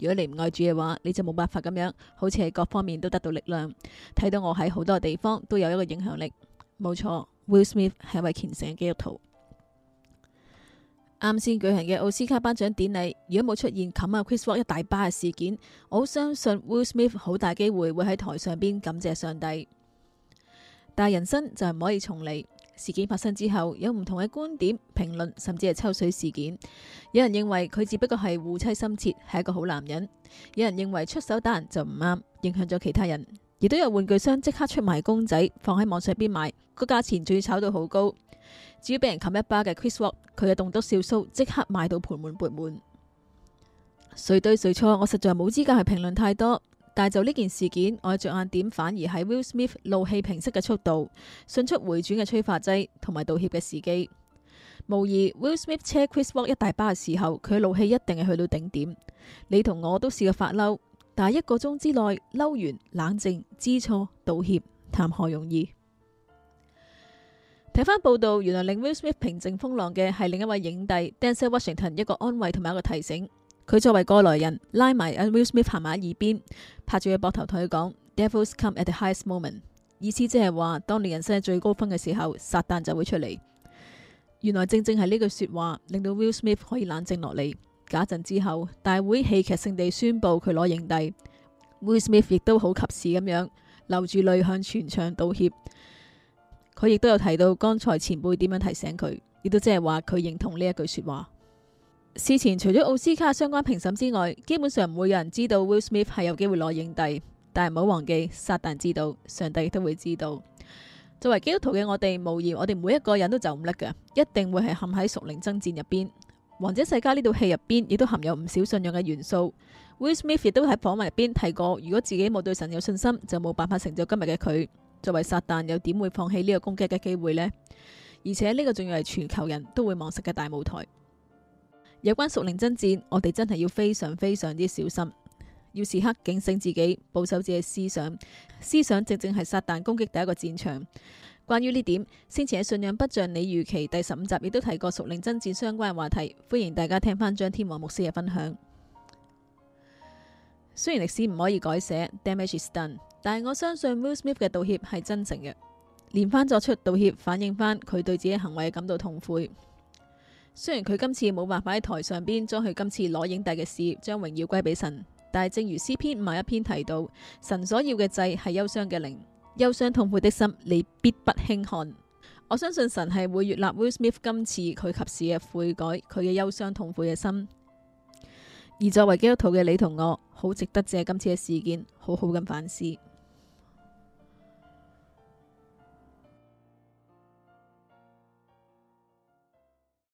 如果你唔愛住嘅話，你就冇辦法咁樣，好似係各方面都得到力量，睇到我喺好多地方都有一個影響力。冇錯，Will Smith 係一位虔誠嘅基督徒。啱先舉行嘅奧斯卡頒獎典禮，如果冇出現冚阿 Chris Rock 一大巴嘅事件，我相信 Will Smith 好大機會會喺台上邊感謝上帝。但係人生就唔可以重嚟。事件發生之後，有唔同嘅觀點評論，甚至係抽水事件。有人認為佢只不過係護妻心切，係一個好男人；有人認為出手打人就唔啱，影響咗其他人。亦都有玩具商即刻出賣公仔，放喺網上邊賣，個價錢仲要炒到好高。至於俾人冚一巴嘅 Chris Rock，佢嘅棟篤笑 show 即刻賣到盆滿缽滿。誰對誰錯，我實在冇資格係評論太多。但就呢件事件，我着眼點反而係 Will Smith 怒氣平息嘅速度、迅速回轉嘅催化劑同埋道歉嘅時機。無疑，Will Smith 車 Chris Rock 一大巴嘅時候，佢怒氣一定係去到頂點。你同我都試過發嬲，但係一個鐘之內嬲完冷靜知錯道歉，談何容易？睇翻報道，原來令 Will Smith 平靜風浪嘅係另一位影帝 Denzel Washington 一個安慰同埋一個提醒。佢作為過來人，拉埋阿 Will Smith 行埋耳邊，拍住佢膊頭同佢講：Devils come at the highest moment。意思即係話，當年人生係最高峰嘅時候，撒旦就會出嚟。原來正正係呢句說話，令到 Will Smith 可以冷靜落嚟。假陣之後，大會戲劇性地宣布佢攞影帝。Will Smith 亦都好及時咁樣，流住淚向全場道歉。佢亦都有提到剛才前輩點樣提醒佢，亦都即係話佢認同呢一句說話。事前除咗奧斯卡相關評審之外，基本上唔會有人知道 Will Smith 係有機會攞影帝。但係唔好忘記，撒旦知道，上帝都會知道。作為基督徒嘅我哋，無疑我哋每一個人都走唔甩嘅，一定會係陷喺屬靈爭戰入邊。王者世家呢套戲入邊，亦都含有唔少信仰嘅元素。Will Smith 亦都喺訪問入邊提過，如果自己冇對神有信心，就冇辦法成就今日嘅佢。作為撒旦，又點會放棄呢個攻擊嘅機會呢？而且呢個仲要係全球人都會望實嘅大舞台。有關屬靈爭戰，我哋真係要非常非常之小心，要時刻警醒自己，保守自己思想。思想正正係撒旦攻擊第一個戰場。關於呢點，先前喺信仰不像你預期第十五集亦都提過屬靈爭戰相關嘅話題，歡迎大家聽翻張天王牧師嘅分享。雖然歷史唔可以改寫，damage is done，但係我相信 Will Smith 嘅道歉係真誠嘅，連翻作出道歉，反映翻佢對自己嘅行為感到痛悔。雖然佢今次冇辦法喺台上邊將佢今次攞影帝嘅事業將榮耀歸俾神，但係正如詩篇五十一篇提到，神所要嘅祭係憂傷嘅靈，憂傷痛苦的心你必不輕看。我相信神係會悅納 Will Smith 今次佢及時嘅悔改，佢嘅憂傷痛苦嘅心。而作為基督徒嘅你同我，好值得借今次嘅事件好好咁反思。